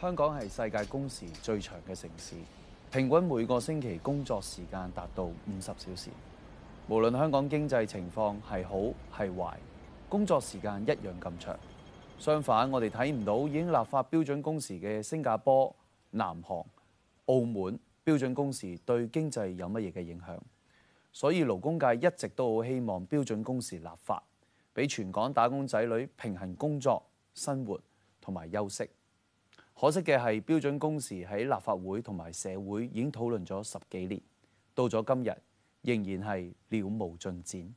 香港係世界工時最長嘅城市，平均每個星期工作時間達到五十小時。無論香港經濟情況係好係壞，工作時間一樣咁長。相反，我哋睇唔到已經立法標準工時嘅新加坡、南韓、澳門標準工時對經濟有乜嘢嘅影響。所以勞工界一直都好希望標準工時立法，俾全港打工仔女平衡工作、生活同埋休息。可惜嘅係，標準工時喺立法會同埋社會已經討論咗十幾年，到咗今日仍然係了無進展。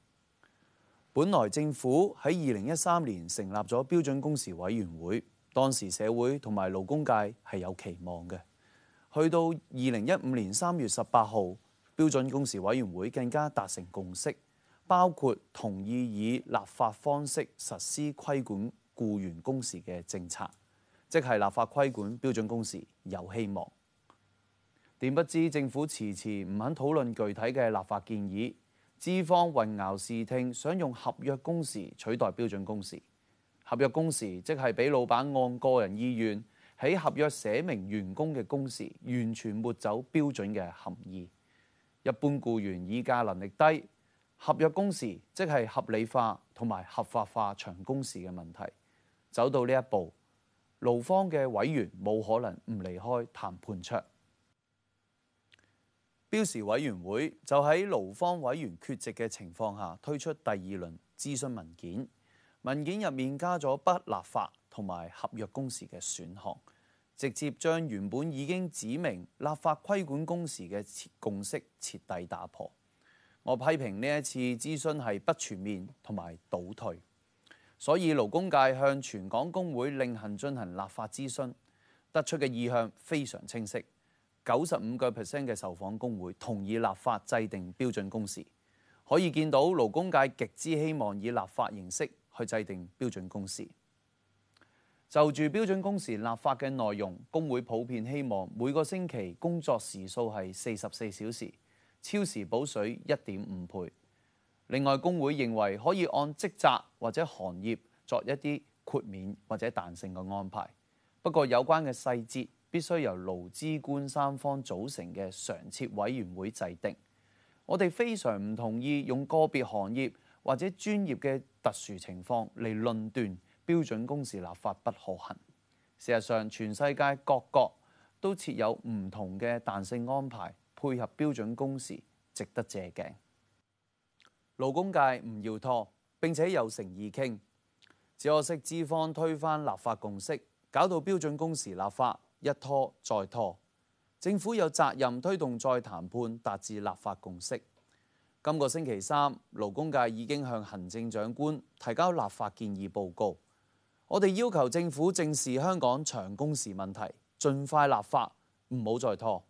本來政府喺二零一三年成立咗標準工時委員會，當時社會同埋勞工界係有期望嘅。去到二零一五年三月十八號，標準工時委員會更加達成共識，包括同意以立法方式實施規管僱員工時嘅政策。即係立法規管標準工時有希望，點不知政府遲遲唔肯討論具體嘅立法建議。資方混淆視聽，想用合約工時取代標準工時。合約工時即係俾老闆按個人意願喺合約寫明員工嘅工時，完全抹走標準嘅含義。一般僱員議價能力低，合約工時即係合理化同埋合法化長工時嘅問題，走到呢一步。勞方嘅委員冇可能唔離開談判桌，標時委員會就喺勞方委員缺席嘅情況下推出第二輪諮詢文件，文件入面加咗不立法同埋合約工時嘅選項，直接將原本已經指明立法規管工時嘅共識徹底打破。我批評呢一次諮詢係不全面同埋倒退。所以勞工界向全港工會另行進行立法諮詢，得出嘅意向非常清晰。九十五個 percent 嘅受訪工會同意立法制定標準工時。可以見到勞工界極之希望以立法形式去制定標準工時。就住標準工時立法嘅內容，工會普遍希望每個星期工作時數係四十四小時，超時補水一點五倍。另外，工會認為可以按職責或者行業作一啲豁免或者彈性嘅安排，不過有關嘅細節必須由勞資官三方組成嘅常設委員會制定。我哋非常唔同意用個別行業或者專業嘅特殊情況嚟論斷標準工時立法不可行。事實上，全世界各國都設有唔同嘅彈性安排配合標準工時，值得借鏡。勞工界唔要拖，並且有誠意傾。只可惜資方推翻立法共識，搞到標準工時立法一拖再拖。政府有責任推動再談判，達至立法共識。今個星期三，勞工界已經向行政長官提交立法建議報告。我哋要求政府正視香港長工時問題，盡快立法，唔好再拖。